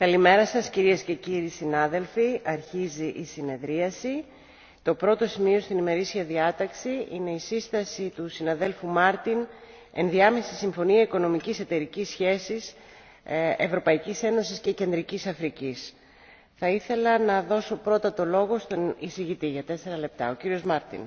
Καλημέρα σας κυρίες και κύριοι συνάδελφοι. Αρχίζει η συνεδρίαση. Το πρώτο σημείο στην ημερήσια διάταξη είναι η σύσταση του συναδέλφου Μάρτιν ενδιάμεση συμφωνία οικονομικής εταιρικής σχέσης ε, Ευρωπαϊκής Ένωσης και Κεντρικής Αφρικής. Θα ήθελα να δώσω πρώτα το λόγο στον εισηγητή για τέσσερα λεπτά, ο κύριος Μάρτιν.